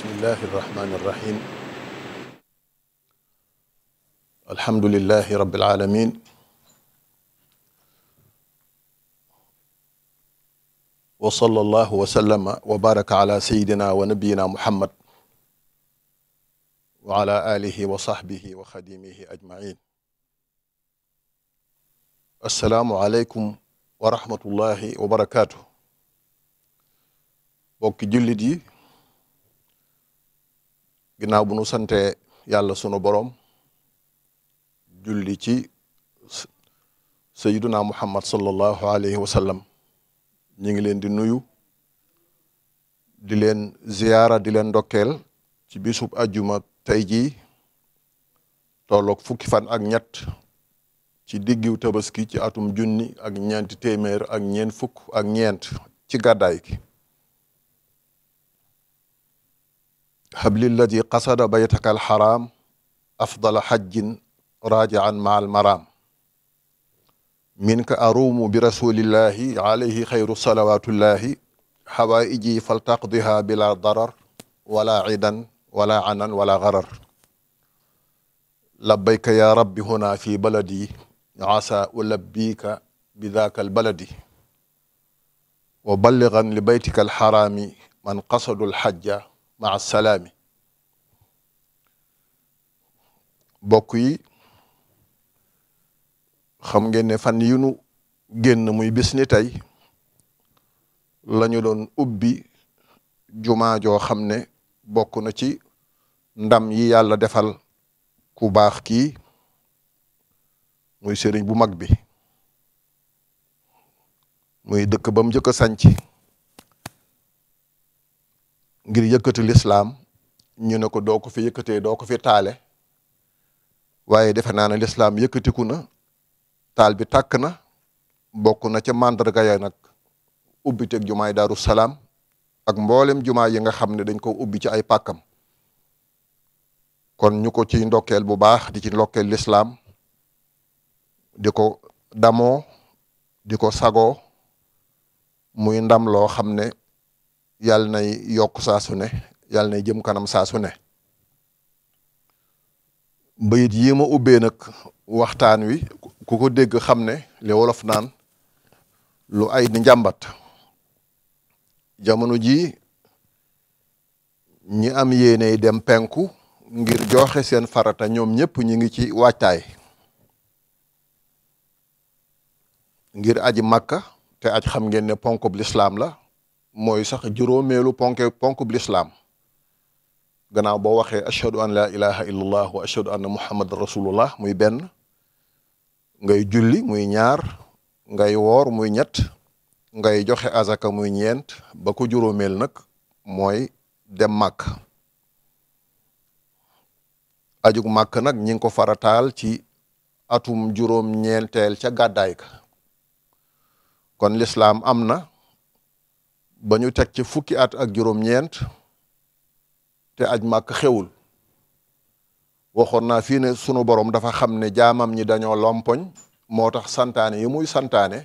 bismillahi irrahmani irrahim alhamdulilahi rabbil alamin wa sallallahu wa sallama wa baraka ala sayidina wa nabiyina muhammad wa ala alihi wa sahbihi wa xadimihi ajmain assalaamu aleykum wa rahmatullahi wa barakaatu bokki jullit yi ginnaaw bu nu sante yàlla sunu boroom julli ci sayiduna muhammad sallallahu alayhi wa sallam ngi leen di nuyu di leen ziyaara di leen ndokkeel ci bisub ajuma tey jii tolloog fukki fan ak ñett ci diggiw tabaski ci atum junni ak ñeenti téeméer ak ñeent fukk ak ñeent ci gàddaay gi hablilladi qasada baytaka alxaraam afdala xajjin raajian ma almaraam min ka aruumu bi rasulillahi alayhi xayru salawatullahi xawaaiji faltaqdiha bila darar wala cidan wala anan wala garar labbayka ya rabbi huna fi baladi asa ulabbiika bi daaka albaladi wa balligan li baytika alxaraami man qasadu alxajja maa salaami bokk yi xam ngeen fan yu nu génn muy bis lañu doon ubbi jumaa joo xam ne bokk na ci ndam yi yàlla defal ku baax kii muy sëriñ bu mag bi muy dëkk ba mu njëkk a sànci ngir yëkkati lislaam ñu ne ko doo ko fi yëkkatee doo ko fi taale waaye defe naa ne lislaam yëkkatiku na taal bi takk na bokk na ca màndarga ya nag ubbi teg jumaay daaru salaam ak mboolem jumaa yi nga xam ne dañ ko ubbi ci ay pàkkam kon ñu ko ci ndokkeel bu baax di ci ndokkeel lislaam di ko damoo di ko sagoo muy ndam loo xam ne yàlla nay yokk saa su ne yàlla nay jëm kanam saa su bayit yi ma ubbee nag waxtaan wi ku ko dégg xam ne wolof naan lu ay di njàmbat jamono ji ñi am yéeney dem penku ngir joxe seen farata ñoom ñëpp ñu ngi ci waajtaay ngir aji màkka te aj xam ngeen ne ponk bu lislaam la mooy sax juróomeelu ponk ponkub lislaam gannaaw boo waxee ashhadu an laa ilaha illallah wa ashhadu anna muhammadan rasulullah muy benn ngay julli muy ñaar ngay woor muy ñett ngay joxe azaka muy ñeent ba ko juróomeel nag mooy dem mak ajug màkk nag ñi ko farataal ci atum juróom ñeenteel ca gàddaay kon lislaam am na ba ñu teg ci fukki at ak juróom-ñeent te aj màkk xewul waxoon naa fii ne sunu borom dafa xam ne jaamam ñi dañoo lompoñ moo tax santaane yi muy santaane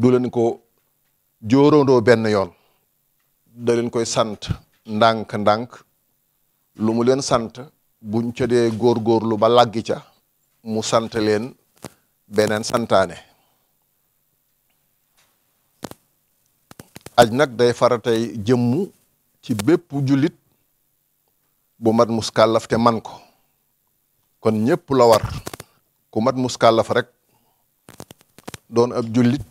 du leen ko jóorandoo benn yoon da koy sant ndànk-ndànk lu mu leen sant buñ ca dee góorgóorlu ba làggi ca mu sant leen beneen santaane aj nag day faratay jëmm ci bépp jullit bu mat muskàllaf te man ko kon ñépp la war ku mat muskàllaf rek doon ab jullit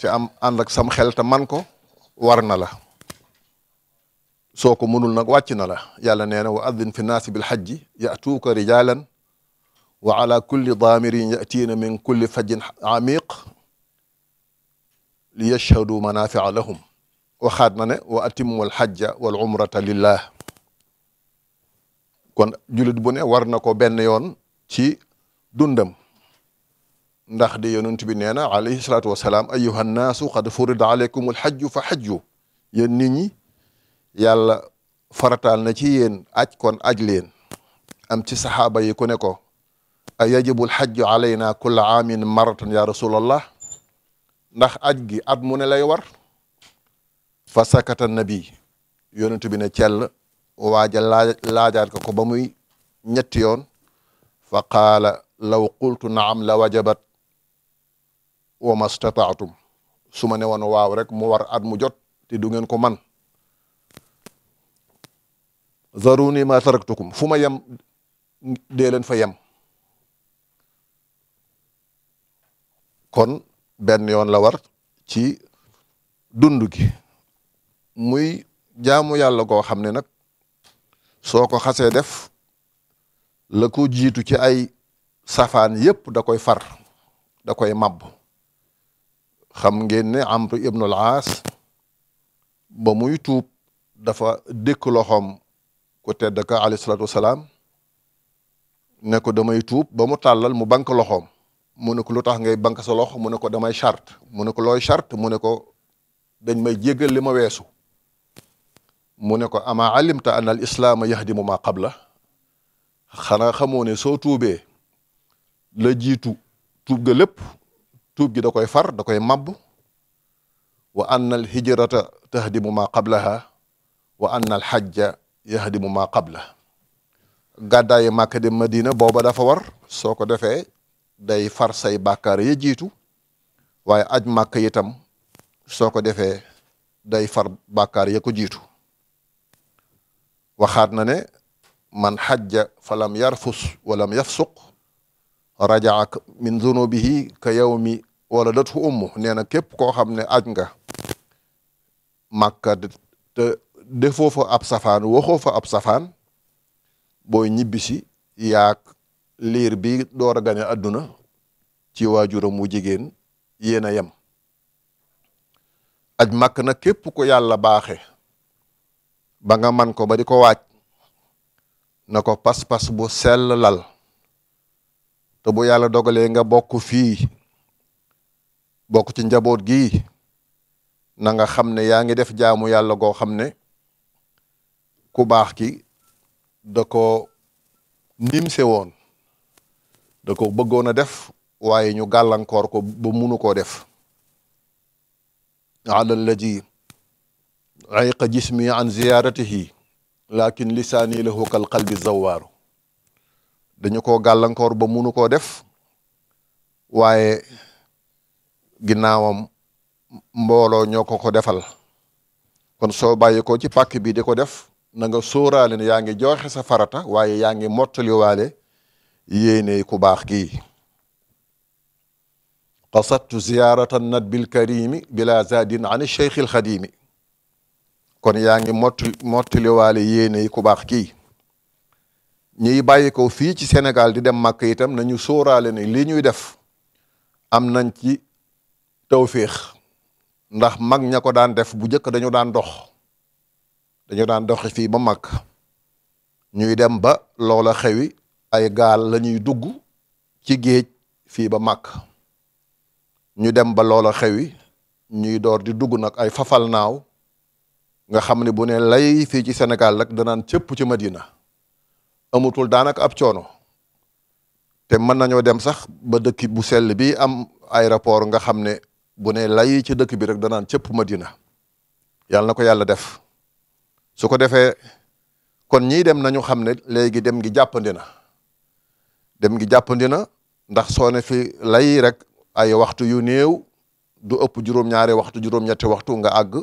ci am ànd sam xel te man ko war na la soo ko mënul nag wàcc na la yàlla nee na wa addin fi naasi bil xajji yatuuka rijalan wa ala kulli daamirin yatiina min kulli fajjin amiq li yashhadu manafia lahum waxaat na ne wa atimmu alxajja wal umrata lillah kon jullit bu ne war na ko benn yoon ci dundam ndax di yonent bi nee na alayhi salaatu wasalaam ayuha nnaasu qad furida aleykum alxajju fa xajju na ci yéen aj kon aj leen am ci saxaaba yi ku ne ko a yajibu alxajju alayna kulla aamin maratan ya rasulallah ndax aj gi at mu ne lay war fa sakata nabi yonent bi ne cell waaja laa laajaat ko ko ba muy ñetti yoon fa qaala law qultu naam la wajabat wa ma stataatum su ma ne woon waaw rek mu war at mu jot te du ngeen ko man zaruni ma taraktukum fu ma yem dee fa yem kon benn yoon la war ci dund gi muy jaamu yàlla koo xam ne nag soo ko xasee def la ko jiitu ci ay safaan yépp da koy far da koy màbb xam ngeen ne Amr ibn al-Aas ba muy tuub dafa dékk loxoom ku tedd ka alayhi salaatu wasalaam ne ko damay tuub ba mu tàllal mu bank loxoom mu ne ko lu tax ngay bank sa mu ne ko damay charte mu ne ko looy charte mu ne ko dañ may jéggal li ma weesu mu ne ko ama alimta an al islaama yahdimu ma qabla xanaa xamoo ne soo tuubee la jiitu tuub ga lépp tuub gi da koy far da koy mabb wa anna al hijrata tahdimu ma qablaha wa anna al hajja yahdimu ma qabla gàddaayi màkka dem madina booba dafa war soo ko defee day far say bàkkaar ya jiitu waaye aj màkk itam soo ko defee day far bàkkaar ya ko jiitu waxaat na ne man xajja falam yarfus walam yafsuq rajaa min zunubihi ka yawmi waladathu ummu nee na képp koo xam ne aj nga màkka te defoo ab safaan waxoo fa safaan booy ñibbisi yaak liir bi door a gane àdduna ci waajuram wu jigéen yéen a yam aj màkk na képp ko yàlla baaxe ba nga man ko ba ko waaj na ko pas-pas bu sell lal te bu yàlla dogalee nga bokk fii bokk ci njaboot gii na nga xam ne yaa ngi def jaamu yàlla goo xam ne ku baax ki da ko nimse woon da ko bëggoon a def waaye ñu gàllankoor ko ba munu koo def ala alladi ayqa jismi an ziyaratihi lakin lisaani lahu kal qalbi zawaaru dañu ko gàllankoor ba munu koo def waaye ginnaawam mbooloo ñoo ko ko defal kon soo bàyyi ko ci pàkk bi di ko def na nga sóoraale ne yaa ngi joxe sa farata waaye yaa ngi mottaliwaale yéene ku baax kii qasadtu ziyaarata nadbi lkarimi bila zadin an cheikh alxadimi kon yaa ngi mott mottaliwaale yéene ku baax kii ñuy bàyyi ko fii ci Sénégal di dem màkk itam nañu sóoraale ne li ñuy def am nañ ci tawféex ndax mag ña ko daan def bu njëkk dañu daan dox dañu daan doxi fii ba màkk ñuy dem ba loola xewi ay gaal lañuy dugg ci géej fii ba màkk ñu dem ba loola xewwi ñuy door di dugg nag ay fafal naaw nga xam ne bu ne lay fii ci Sénégal rek danaan cëpp ci Madina amutul daanaka ab coono te mën nañoo dem sax ba dëkk bu sell bi am aéroport nga xam ne bu ne lay ci dëkk bi rek danaan cëpp Madina yàlla na ko yàlla def su ko defee kon ñiy dem nañu xam ne léegi dem ngi jàppandi na dem ngi jàppandi na ndax soo ne fi lay rek ay waxtu yu néew du ëpp juróom-ñaari waxtu juróom-ñetti waxtu nga àgg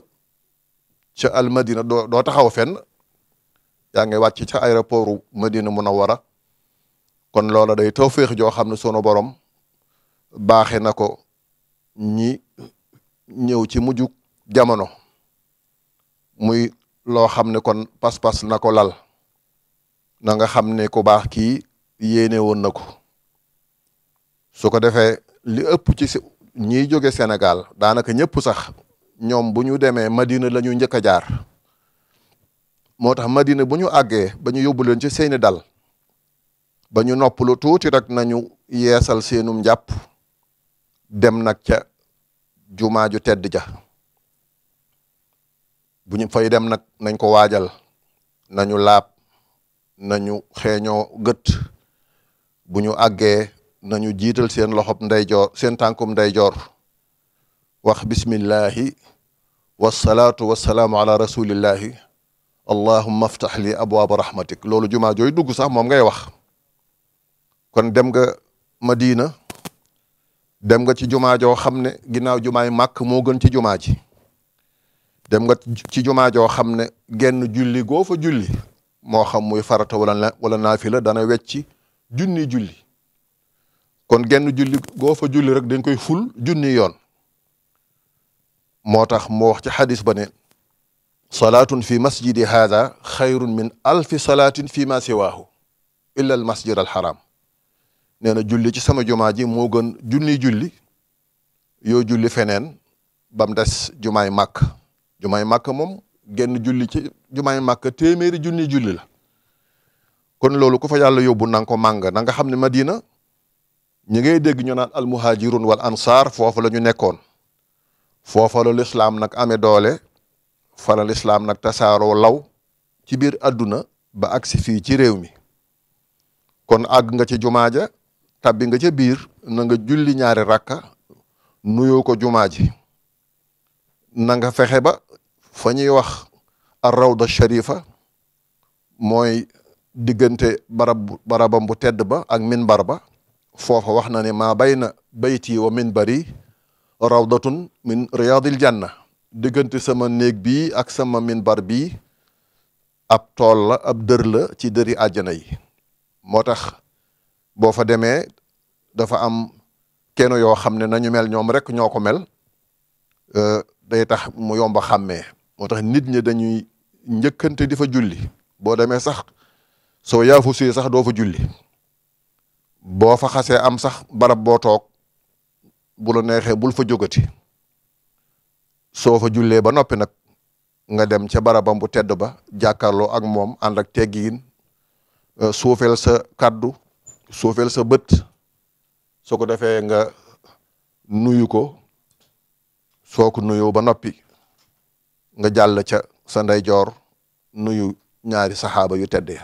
ci almadina doo doo taxaw fenn yaa ngi wàcc ca aéroport madina munawara kon loola day tawféex joo xam ne sunu borom baaxe na ko ñi ñëw ci mujjug jamono muy loo xam ne kon pas-pas na ko lal na nga xam ne ku baax kii yéene woon na ko su ko defee li ëpp ci ñiy jóge Sénégal daanaka ñëpp sax ñoom bu ñu demee Madina lañu ñu njëkk a jaar moo tax Madina bu ñu àggee ba ñu yóbbu leen ci seeni dal ba ñu noppalu tuuti rek nañu yeesal seenum njàpp dem nag ca jumaa ju tedd ja bu ñu fay dem nag nañ ko waajal nañu laab nañu xeeñoo gët bu ñu àggee nañu jiital seen loxob ndeyjoor seen tànkum ndeyjoor wax bismillahi wasalaatu wasalaamu ala rasulillahi allahumma aftax li abwaaba rahmatik loolu jumaa jooy dugg sax moom ngay wax kon dem nga Madina dem nga ci jumaa joo xam ne ginnaaw jumaay màkk moo gën ci jumaa ji dem nga ci jumaa joo xam ne genn julli goo fa julli moo xam muy farata wala wala naafila dana wecci junni julli kon genn julli goo julli rek dañ koy ful junni yoon moo tax moo wax ci xadis ba ne salaatun fi masjidi haada xayrun min alfi salaatin fi ma siwaahu illa al masjid al julli ci sama jumaa ji moo gën junni julli yoo julli feneen bam des jumaay màkk jumaay màkk moom genn julli ci jumaay màkk téeméeri junni julli la kon loolu ku fa yàlla yóbbu na ko màng nanga xam ne Madina ñi ngay dégg ñu naan almuhajirun wal ansaar foofu la ñu nekkoon foofa la lislaam nag amee doole fa la lislaam nag tasaaroo law ci biir àdduna ba agsi fii ci réew mi kon àgg nga ci jumaa ja tabbi nga ca biir na nga julli ñaari rakka nuyoo ko jumaa ji na nga fexe ba fa ñuy wax ar sharifa mooy diggante barab bu tedd ba ak minbar ba foofa wax na ne maa bayna bayti wa minbari rawdatun min riyadil janna diggante sama néeg bi ak sama minbar bii ab tool la ab dër la ci dëri àjjana yi moo tax boo fa demee dafa am kenn yoo xam ne nañu mel ñoom rek ñoo ko mel day tax mu yomb a xàmmee moo tax nit ñi dañuy njëkkante di fa julli boo demee sax soo yaa fa sax doo fa julli boo fa xasee am sax barab boo toog bu neexee bul fa jógati soo fa jullee ba noppi nag nga dem ca barabam bu tedd ba jàkkaarloo ak moom ànd ak teggiin euh, suufeel sa kaddu suufeel sa bët soo ko defee nga nuyu ko soo ko nuyoo ba noppi nga jàll ca sa ndeyjoor nuyu ñaari saxaaba yu tedd ya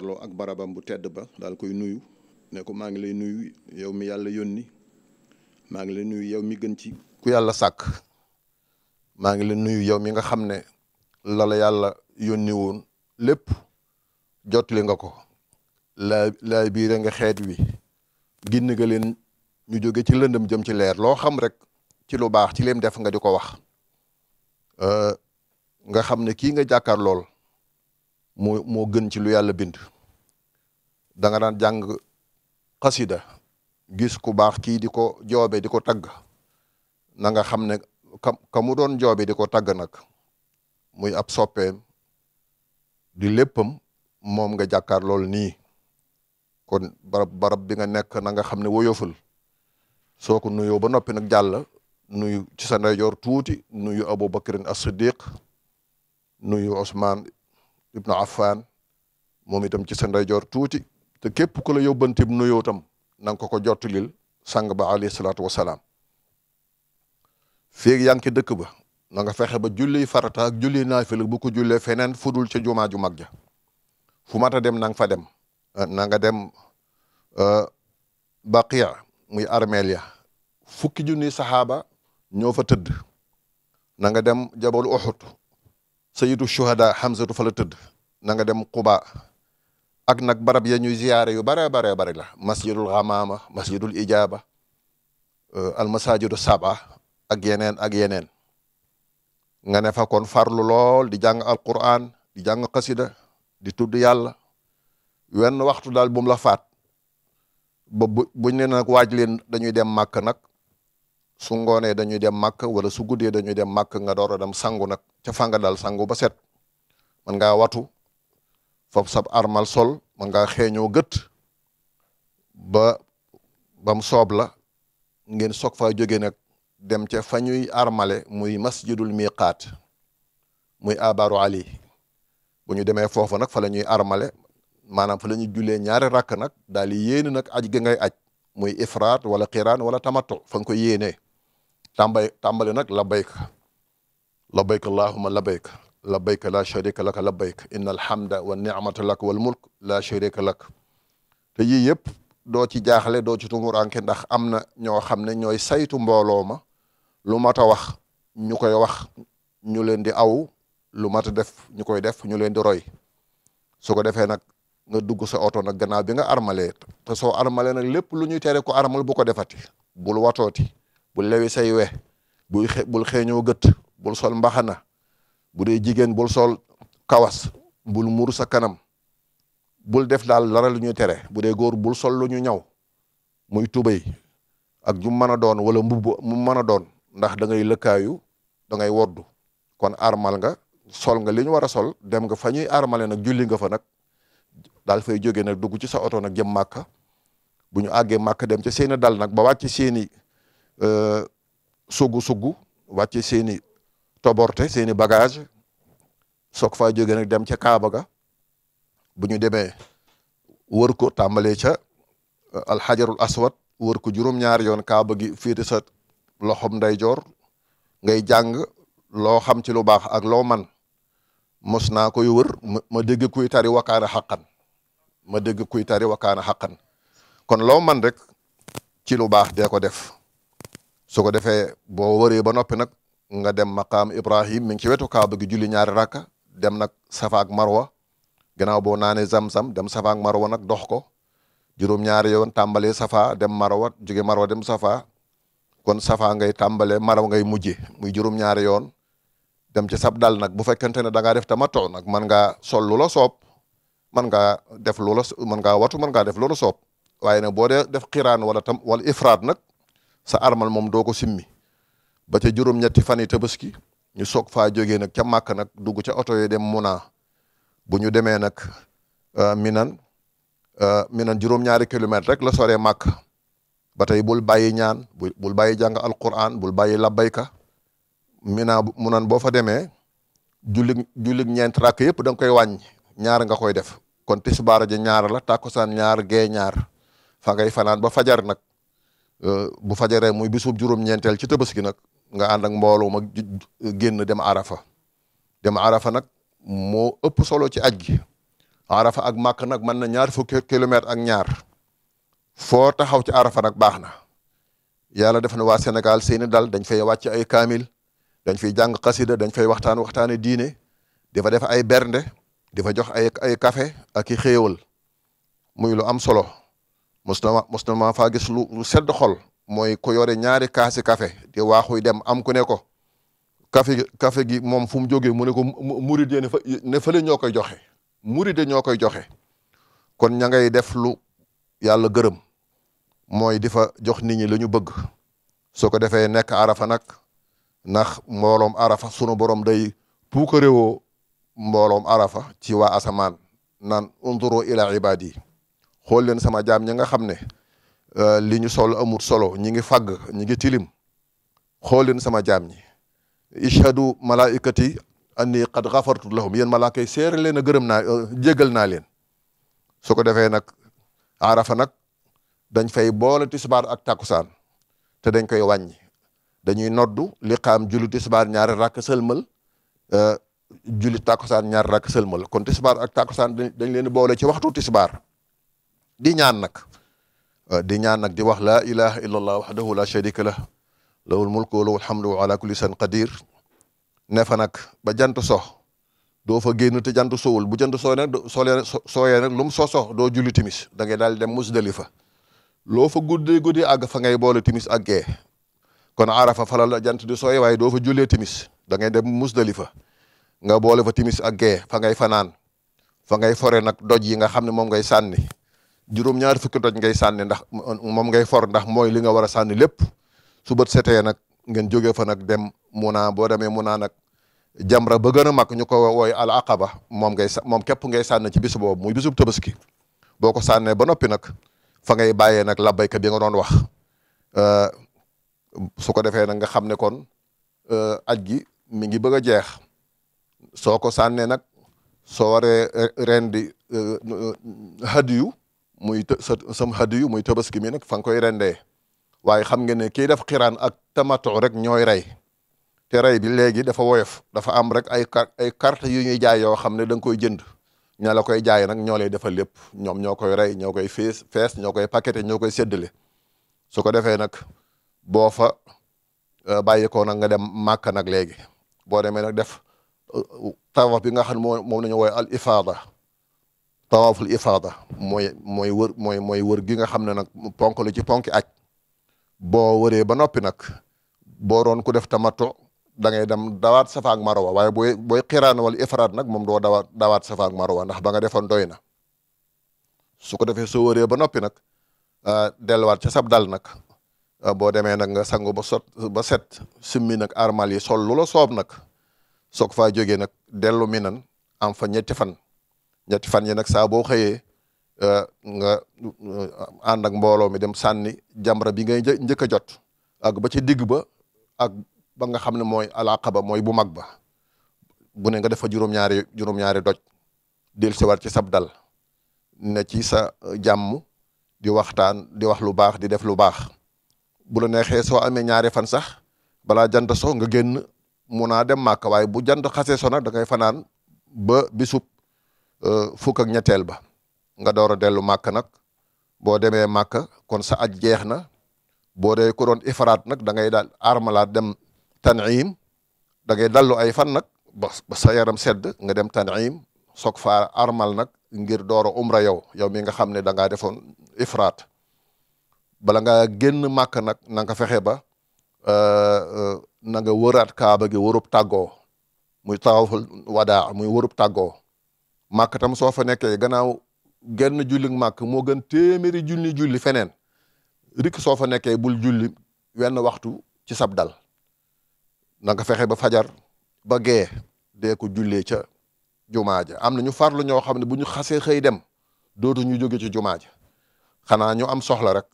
jàkkaarloo ak barabam bu tedd ba daal koy nuyu ne ko maa ngi lay nuyu yow mi yàlla yónni maa ngi lay nuyu yow mi gën ci ku yàlla sàkk maa ngi la nuyu yow mi nga xam ne la la yàlla yónni woon lépp jotli nga ko laa laay biire nga xeet wi ginn nga leen ñu jóge ci lëndëm jëm ci leer loo xam rek ci lu baax ci leen def nga di ko wax nga xam ne kii nga jàkkaar lool moo moo gën ci lu yàlla bind danga daan jàng xasida gis ku baax kii di ko joobe di ko tagg na nga xam ne ka mu doon joobe di ko tagg nag muy ab soppeem di léppam moom nga jàkkaar lool nii kon barab barab bi nga nekk na nga xam ne woyoful soo ko nuyoo ba noppi nag jàll nuyu ci sa ndeyjoor tuuti nuyu Abubakrin a siddiq nuyu Osman ibnu Affan moom itam ci sa ndeyjoor tuuti te képp ku la yóbbante nuyoo tam na nga ko ko jottulil sang ba alayhi salaatu wasalaam feeg yaa ngi dëkk ba na nga fexe ba julli farata ak julli naafila bu ko jullee feneen fudul ca jumaa ju mag ja fu mat dem na fa dem eh, nanga dem eh, baqiya muy armeel ya fukki junni saxaaba ñoo fa tëdd na nga dem jabalu Uhud sayidu shuhada Hamzatu fa la tëdd na dem Quba ak nag barab ya ñuy ziyaare yu bare bare bare la masjidul Ghamaama masjidul Ijaaba euh, al masajidu saba ak yeneen ak yeneen nga ne fa kon farlu lool di jàng Alqur'an di jàng xasida di tudd yàlla wenn waxtu daal bu mu la faat bu buñ ne nag waaj leen dañuy dem màkk nag su ngoonee dañuy dem màkk wala su guddee dañuy dem màkk nga door a dem sangu nag ca fanga daal sangu ba set mën ngaa watu fab sab armal sol man ngaa xeeñoo gët ba bam soob la ngeen soog faa jóge nag dem ca fa ñuy armale muy masjidul miqaat muy abaru ali bu ñu demee foofu nag fa ñuy armale maanaam fa la ñuy jullee ñaari rakk nag daal di yéene nag aj gi ngay aj muy ifraat wala qiraan wala tamato fa nga ko yéenee tàmbay tàmbali nag labayka labayka allahuma labayka labayka la sharika laka labayka inna alhamda wa ni'mata lak wal mulk la sharika lak te yii yëpp doo ci jaaxle doo ci tumuranke ndax am na ñoo xam ne ñooy saytu mbooloo ma lu mat a wax ñu koy wax ñu leen di aw lu mat a def ñu koy def ñu leen di roy su ko defee nag nga dugg sa oto nag gannaaw bi nga armalee te soo armalee nag lépp lu ñuy tere ko armal bu ko defati bul watooti bu lewi say we buy bul xeeñoo gët bul sol mbaxana bu dee jigéen bul sol kawas bul muur sa kanam bul def daal dara lu ñuy tere bu dee góor bul sol lu ñu ñaw muy tubéy ak jum mën a doon wala mbubb mu mën a doon ndax dangay ngay dangay wordu ngay woddu kon armal nga sol nga li ñu war a sol dem nga fa ñuy armale nag julli nga fa nag daal fay jógee nag dugg ci sa oto nag jëm màkka bu ñu àggee màkka dem ca seeni dal nag ba wàcc seeni Euh, sugg sugg wàcce seen i toborte seeni i bagage soog faa jógee nag dem ca Kaaba ga bu ñu demee wër ko tàmbalee ca euh, alxajarul aswad wër ko juróom yoon Kaaba gi féete sa loxom ndeyjoor ngay jàng loo xam ci lu baax ak loo man mos naa koy wër ma dégg kuy tari wakaana xaqan ma dégg kuy tari wakaana xaqan kon loo man rek ci lu baax dee ko def su ko defee boo wëree ba noppi nag nga dem maqaam Ibrahim mi ngi ci wetu kaaba gi julli ñaari rakka dem nag safa ak marwa gannaaw boo naanee zam-zam dem safa ak marwa nag dox ko juróom-ñaari tàmbalee safa dem marwa jóge marwa dem safa kon safa ngay tàmbalee marwa ngay mujje muy juróom yoon dem ci sab dal nag bu fekkente ne da ngaa def tamattu nag mën ngaa sol lu la soob mën ngaa def lu la mën ngaa watu mën ngaa def lu la waaye nag boo dee def xiraan wala tam wala ifraat nag sa armal moom doo ko simmi ba ca juróom-ñetti fan yi ñu soog faa jógee nag ca màkk nag dugg ca oto yee dem Muna bu ñu demee nag euh, minan euh, minan juróom-ñaari kilomètre rek la soree màkk ba tey bul bàyyi ñaan bul bàyyi jàng alquran bul bàyyi labbayka mina munan boo fa demee jullig jullig ñeent rakk yëpp da nga koy wàññi ñaar nga koy def kon tisbaar ja ñaar la takkusaan ñaar gee ñaar fa ngay fanaan ba fajar nag Euh, bu fajaree muy bisub juróom-ñeenteel ci tabaski nag nga ànd ak mbooloo mag génn dem arafa dem arafa nag moo ëpp solo ci aj gi arafa ak màkk nag mën na ñaar fukki kilomètre ak ñaar foo taxaw ci arafa nag baax na yàlla def na waa Sénégal seeni dal dañ fay wàcc ay kaamil dañ fay jàng xasida dañ fay waxtaan waxtaane diine di fa def ay bernde di jox ay kafe café ak muy lu am solo mos na ma faa gis lu lu sedd xol mooy ko yore ñaari kaasi café te waaxuy dem am ku ne ko café café gi moom fu mu jógee mu ne ko murid ne fa ne fële ñoo koy joxe murid ñoo koy joxe kon ña ngay def lu yàlla gërëm mooy difa jox nit ñi la ñu bëgg soo ko defee nekk arafa nag ndax mbooloom arafa sunu borom day puukarewoo mbooloom arafa ci waa asamaan naan unduru ila ibadi xool leen sama jaam ña nga xam ne euh, li ñu sol amul solo ñi ngi fàgg ñi ngi tilim xool leen sama jaam ñi ishadu malaikati anni qad ghafartu lahum yéen malaaka yi seere leen a gërëm naa euh, jégal naa leen su ko defee nag arafa nag dañ fay boole tisbaar ak takkusaan te dañ koy wàññi dañuy noddu li qaam julli tisbaar ñaari rakk sëlmal euh, julli takkusaan ñaari rakk sëlmal kon tisbaar ak takkusaan dañ leen boole ci waxtu tisbaar di ñaan nag euh, di ñaan nag di wax laa ilaha illa allah wahdahu la sharika lah lawul mulku wa lawul hamdu wa ala kulli shay'in qadir ne fa nag ba jant sox doo fa génn te jant sowul bu jant soo nag soolee sooyee nag lu mu soo sox doo juli timis da ngay daal dem musdalifa loo fa guddee guddee àgg fa ngay boole timis ak kon kon arafa fa la jant di sooyee waaye doo fa jullee timis da ngay dem musdalifa nga boole fa timis ak fa ngay fanaan fa ngay fore nag doj yi nga xam ne moom ngay sànni juróom-ñaari fukki doj ngay sànni ndax moom ngay for ndax mooy li nga war a sànni lépp su bët setee nag ngeen jógee fa nag dem Muna boo demee Muna nag jamra ba gën a mag ñu ko wooy al aqaba moom ngay moom képp ngay sànni ci bisu boobu muy bisub tabaski boo ko sànnee ba noppi nag fa ngay bàyyee nag labbayka bi nga doon wax euh, su ko defee nag nga xam ne kon euh, aj gi mi ngi bëgg a jeex soo ko sànnee nag soo waree rendi euh, hadiyu muy sa sam hadiyu muy tabaski mi nag fa nga koy rendee waaye xam nga ne kii def xiraan ak tamato rek ñooy rey te rey bi léegi dafa woyof dafa am rek ay ay carte yu ñuy jaay yoo xam ne da koy jënd ña la koy jaay nag ñoo lay defal lépp ñoom ñoo koy rey ñoo koy fees fees ñoo koy paqueté ñoo koy séddale su ko defee nag boo fa euh, bàyyi ko nag nga dem màkk nag léegi boo demee nag def euh, euh, tawaf bi nga xam ne moom la ñu woowee al ifaada tawaaful ifaada mooy mooy wër mooy mooy wër gi nga xam ne nag ponk lu ci ponki aj boo wëree ba noppi nag boo doon ku def tamattu da ngay dem dawaat safa ak waaye booy booy xiraan wala ifraat nag moom doo dawaat dawaat safa ak ndax ba nga defoon doy na su ko defee soo wëree ba noppi nag ah, delluwaat ca sab dal nag ah, boo demee nag nga sangu ba sot ba set simmi nag armal yi sol lu la soob nag soog faa jógee nag dellu minan am fa ñetti fan ñetti fan yi nag saa boo xëyee euh, nga euh, ànd ak mbooloo mi dem sànni jamra bi ngay njëkk a jot ak ba ci digg ba ak ba nga xam ne mooy alaqaba mooy bu mag ba bu ne nga defa juróom-ñaari juróom-ñaari doj del siwaat ci sab dal ne ci sa euh, jàmm di waxtaan di wax lu baax di def lu baax bu la neexee soo amee ñaari fan sax balaa jant so nga génn mun naa dem màkk waaye bu jant xasee so nag da ngay fanaan ba bisub Euh, fukk ak ñetteel ba nga door a dellu màkk nag boo demee màkk kon sa aj jeex na boo dee ku doon ifraat nag da ngay daal armalaat dem tanim da ngay dallu ay fan nag ba sa yaram sedd nga dem tanim soog fa armal nag ngir door a umra yow yow mi nga xam ne da defoon ifraat bala nga génn màkk nag nanga fexe ba euh, euh, na nga wëraat kaaba gi wërub tàggoo muy tawaful wadaa muy wërub tàggoo màkk tam soo fa nekkee gannaaw genn julli màkk moo gën téeméeri julli julli feneen rik soo fa nekkee bul julli wenn waxtu ci sab dal na fexe ba fajar ba gee dee jullee ca jumaa ja am na ñu farlu ñoo xam ne bu ñu xasee xëy dem dootu ñu jóge ci jumaa ja xanaa ñu am soxla rek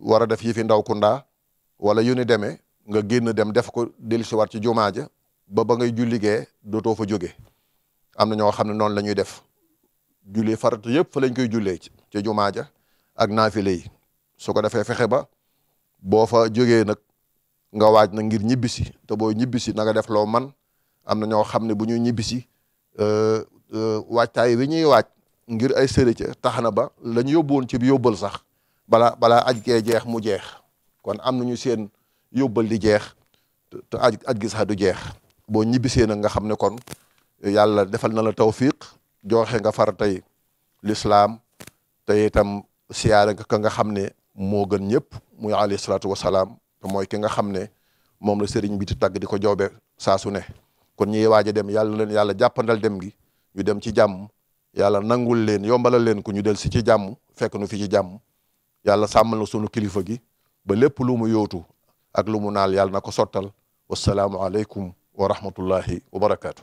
war a def yi fi ndaw kundaa wala yu ni demee nga génn dem def ko dellusiwaat ci jumaa ja ba ba ngay julli gee dootoo fa jóge am na ñoo xam ne noonu la ñuy def julli farat yëpp fa lañ koy julee ci ci jumaa ja ak naafile yi su ko defee fexe ba boo fa jógee nag nga waaj na ngir ñibbisi te boo ñibbisi na def loo man am na ñoo xam ne bu ñuy ñibbisi euh, euh, waajtaay wi ñuy waaj ngir ay sëri tax na ba lañ yóbbuwoon ci bi yóbbal sax balaa balaa aj gee jeex mu jeex kon am na ñu seen yóbbal di jeex te aj aj gi du jeex boo ñibbisee nag nga xam ne kon yàlla defal na la tawfiq joxe nga far tey lislaam tey itam siyaare ka nga xam ne moo gën ñëpp muy alayhi salaatu wasalaam te mooy ki nga xam ne moom la sëriñ bi di tagg di ko joobe saa su ne kon ñiy waaj a dem yàlla leen yàlla jàppandal dem gi ñu dem ci jàmm yàlla nangul leen yombalal leen ku ñu del si ci jàmm fekk nu fi ci jàmm yàlla sàmmal na sunu kilifa gi ba lépp lu mu yóotu ak lu mu naal yàlla na ko sottal wasalaamu aleykum wa wa barakaatu.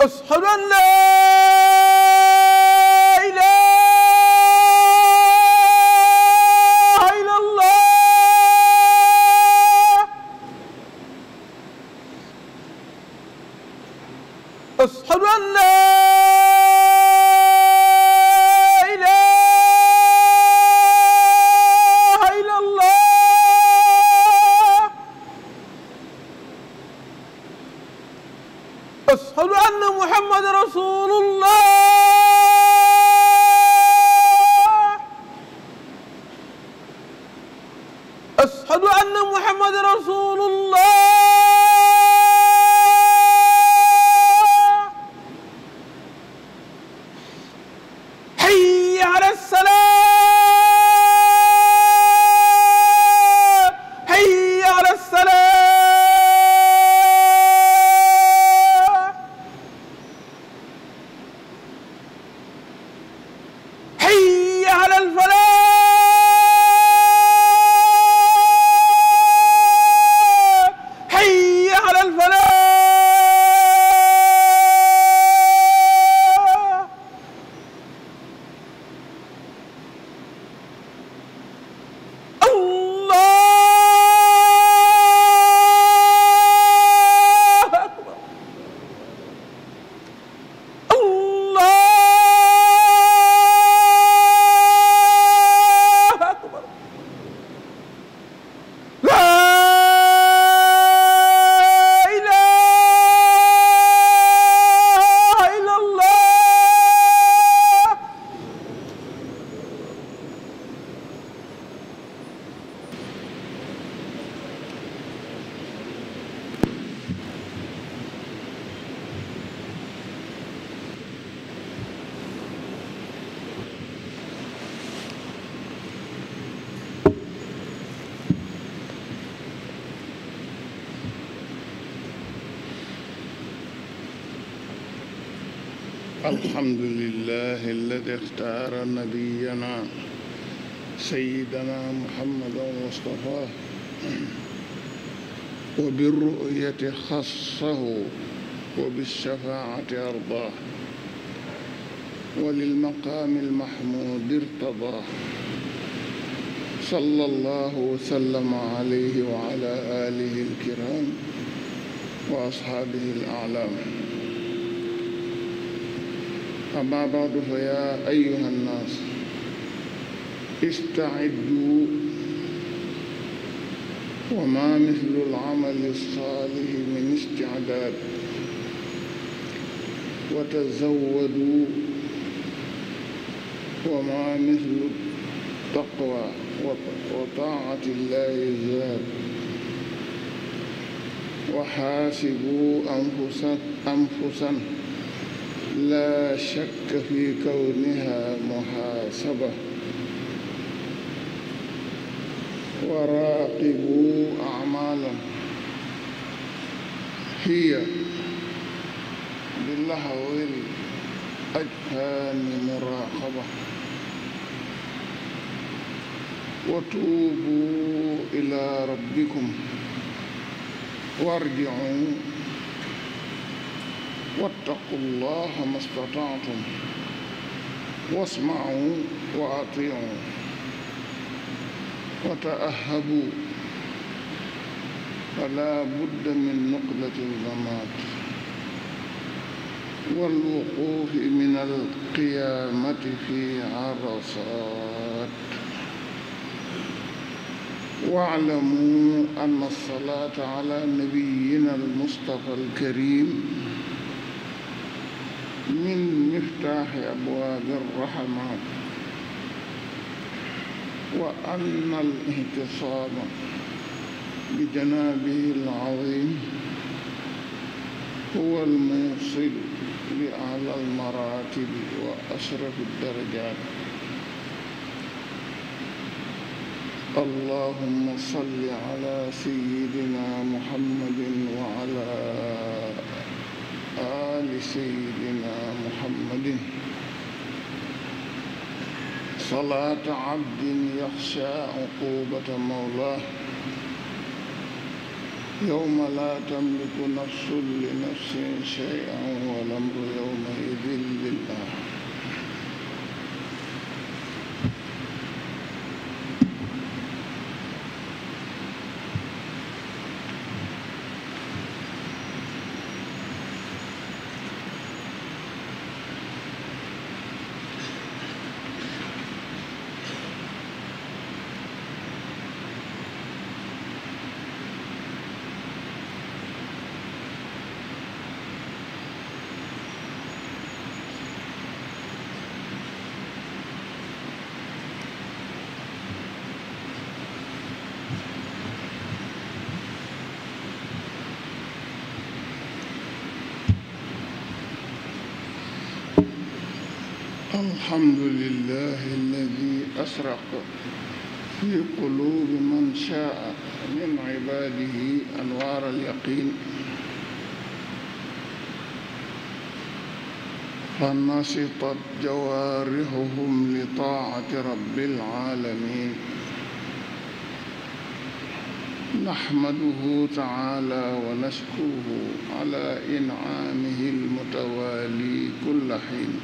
أشهد أن لا الفلاح الحمد لله الذي اختار نبينا سيدنا محمدا ومصطفاه وبالرؤية خصه وبالشفاعة أرضاه وللمقام المحمود ارتضاه صلى الله وسلم عليه وعلى آله الكرام وأصحابه الأعلام أما بعد فيا أيها الناس استعدوا وما مثل العمل الصالح من استعداد وتزودوا وما مثل التقوى وطاعة الله الزاد وحاسبوا أنفسا أنفسا لا شك في كونها محاسبة وراقبوا أعمالهم هي باللهو الأجهام مراقبة وتوبوا إلى ربكم وارجعوا واتقوا الله ما استطعتم واسمعوا وأطيعوا وتأهبوا فلا بد من نقلة الغمات والوقوف من القيامة في عرصات واعلموا أن الصلاة على نبينا المصطفى الكريم من مفتاح أبواب الرحمات وأن الاهتصام بجنابه العظيم هو الموصل لأعلى المراتب وأشرف الدرجات اللهم صل على سيدنا محمد وعلى آل سيدنا محمد صلاة عبد يخشى عقوبة مولاه يوم لا تملك نفس لنفس شيئا والأمر يومئذ لله الحمد لله الذي أسرق في قلوب من شاء من عباده أنوار اليقين فنشطت جوارحهم لطاعة رب العالمين نحمده تعالى ونشكره على إنعامه المتوالي كل حين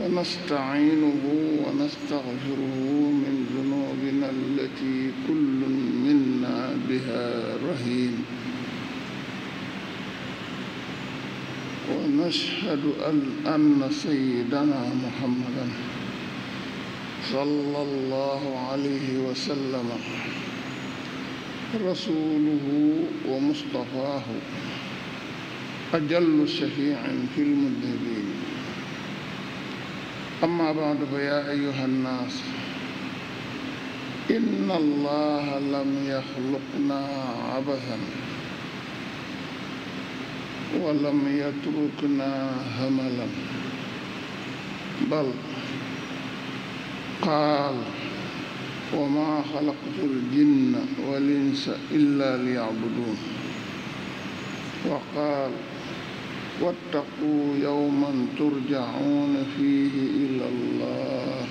ونستعينه ونستغفره من ذنوبنا التي كل منا بها رهين ونشهد أن, أن سيدنا محمدا صلى الله عليه وسلم رسوله ومصطفاه أجل شفيع في المذنبين أما بعد فيا أيها الناس إن الله لم يخلقنا عبثا ولم يتركنا هملا بل قال وما خلقت الجن والإنس إلا ليعبدون وقال واتقوا يوما ترجعون فيه إلى الله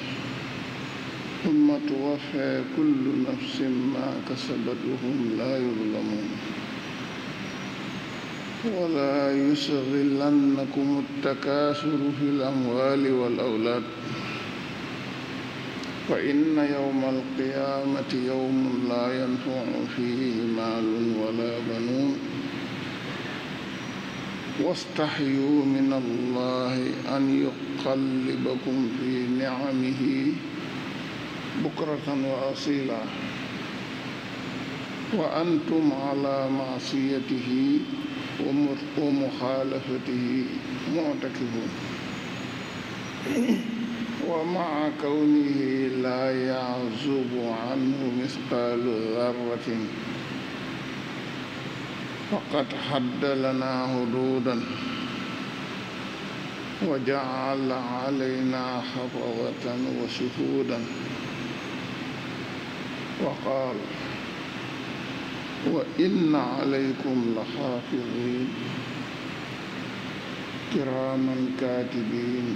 ثم توفى كل نفس ما كسبت وهم لا يظلمون ولا يشغلنكم التكاثر في الأموال والأولاد فإن يوم القيامة يوم لا ينفع فيه مال ولا بنون wastaxyu min allahi an yuqallibakum fi nicamihi bukratan wa asila wa antum ala maasiyatihi wa muxaalafatihi muctakifun wa maca kawnihi laa yaczubu canhu misqaalu darratin faqad hadda lana hududan wa ja'ala alayna hafazatan wa shuhudan wa qaala wa inna alaykum lahafizin kiraman katibin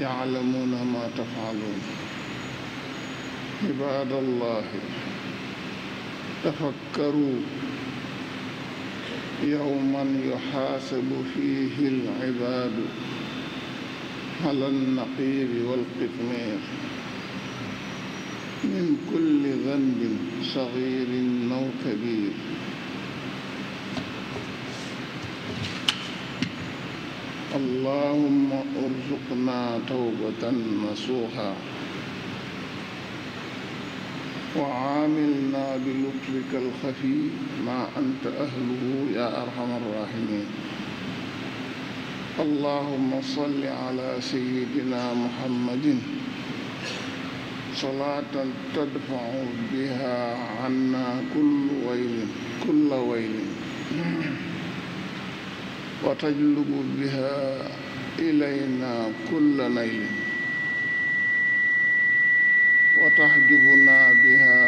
ya'lamuna ma taf'alun ibadallahi تفكروا يوما يحاسب فيه العباد على النقيب والقطمير من كل ذنب صغير أو كبير اللهم ارزقنا توبة نصوحا وعاملنا بلطفك الخفي ما أنت أهله يا أرحم الراحمين اللهم صل على سيدنا محمد صلاة تدفع بها عنا كل ويل كل ويل وتجلب بها إلينا كل نيل wa taxjubuna biha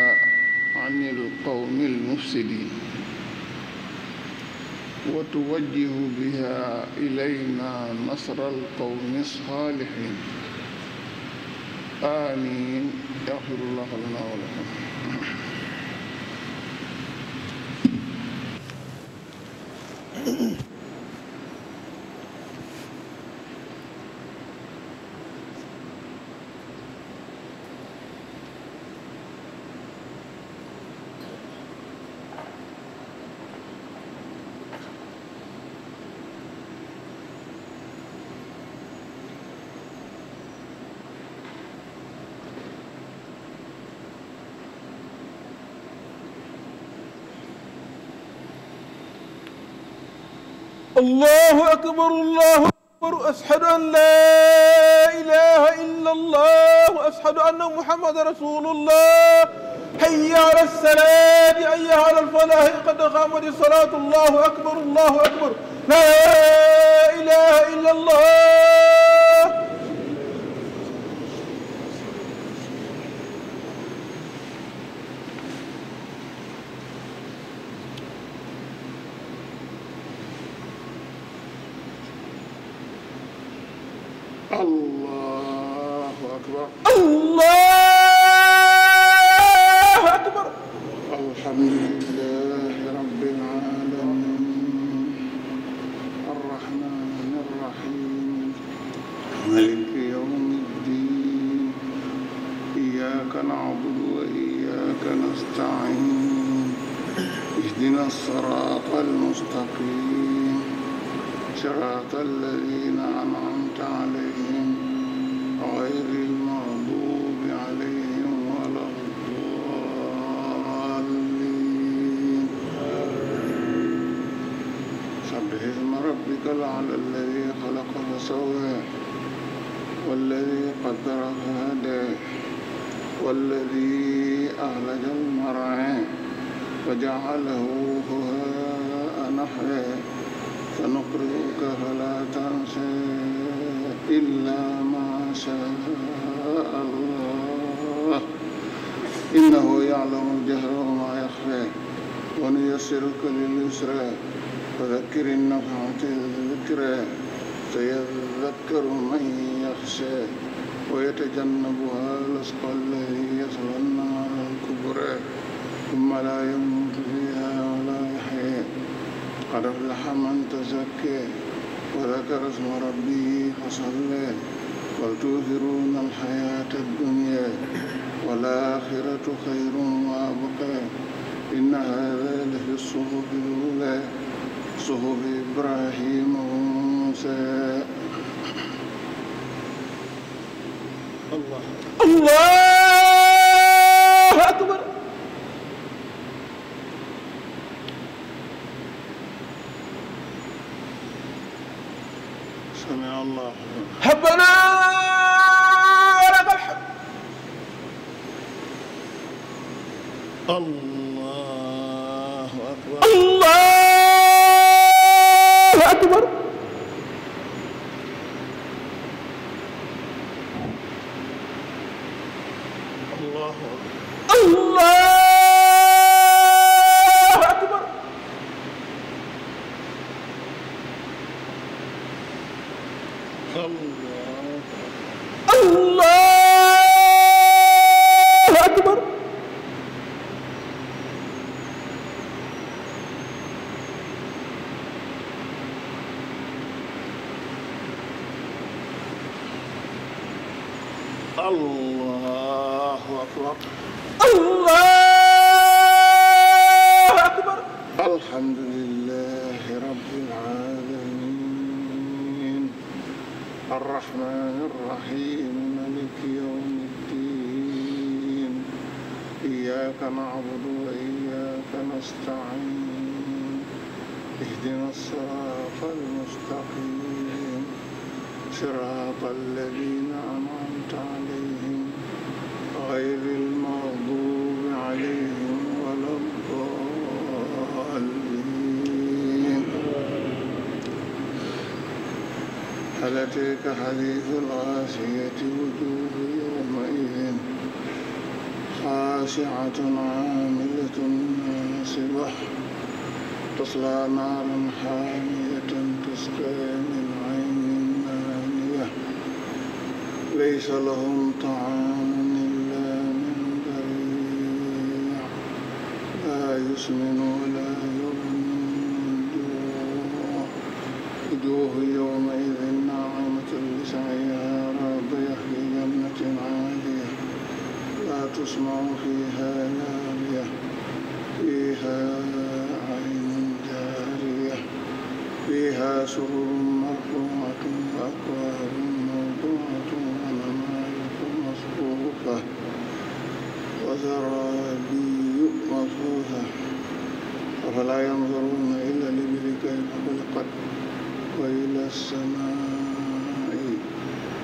an ilqawmi almufsidin wa tuwajjihu biha ilayna nasra alqawmi alsalihin amin yaxfirullahu lana wa lakum allahu akbar allahu akbar ashhadu an laa ilaha illa allah wa ashhadu anna muhammadan rasulullah hayya ala salaati hayya ala alfalahi qad qaamat salaatu allahu akbar allahu akbar laa ilaha illa allah اهدنا الصراط المستقيم صراط الذين أنعمت عليهم غير المغضوب عليهم ولا الضالين سبح اسم ربك الأعلى الذي خلق فسوى والذي قدر فهدى والذي أهلك المرعى فجعله هواء نحيا سنقرئك فلا تنسى إلا ما شاء الله إنه يعلم الجهر وما يخفى ونيسرك لليسرى فذكر النفعة الذكرى سيذكر من يخشى ويتجنبها الأشقى الذي يصلى النار الكبرى ثم لا يموت فيها ولا يحيى قد أفلح من تزكى وذكر اسم ربه فصلى بل تؤثرون الحياة الدنيا والآخرة خير وأبقى إن هذا لفي الصحف الأولى صحف إبراهيم وموسى الله الله الله أكبر الله أكبر ذلك حديث الغاشية وجوه يومئذ خاشعة عاملة ناصبة تصلى نارا حامية تسقى من عين آنية ليس لهم طعام إلا من ضريع لا يسمن ولا يغني وجوه يومئذ ناعمة لسعيها راضية في جنة عالية لا تسمع فيها نارية فيها عين جارية فيها سرور مرفوعة وأكواب موضوعة ونمارق مصفوفة وزرابي مصفوفة أفلا ينظرون إلى الإبل كيف خلقت وإلى السماء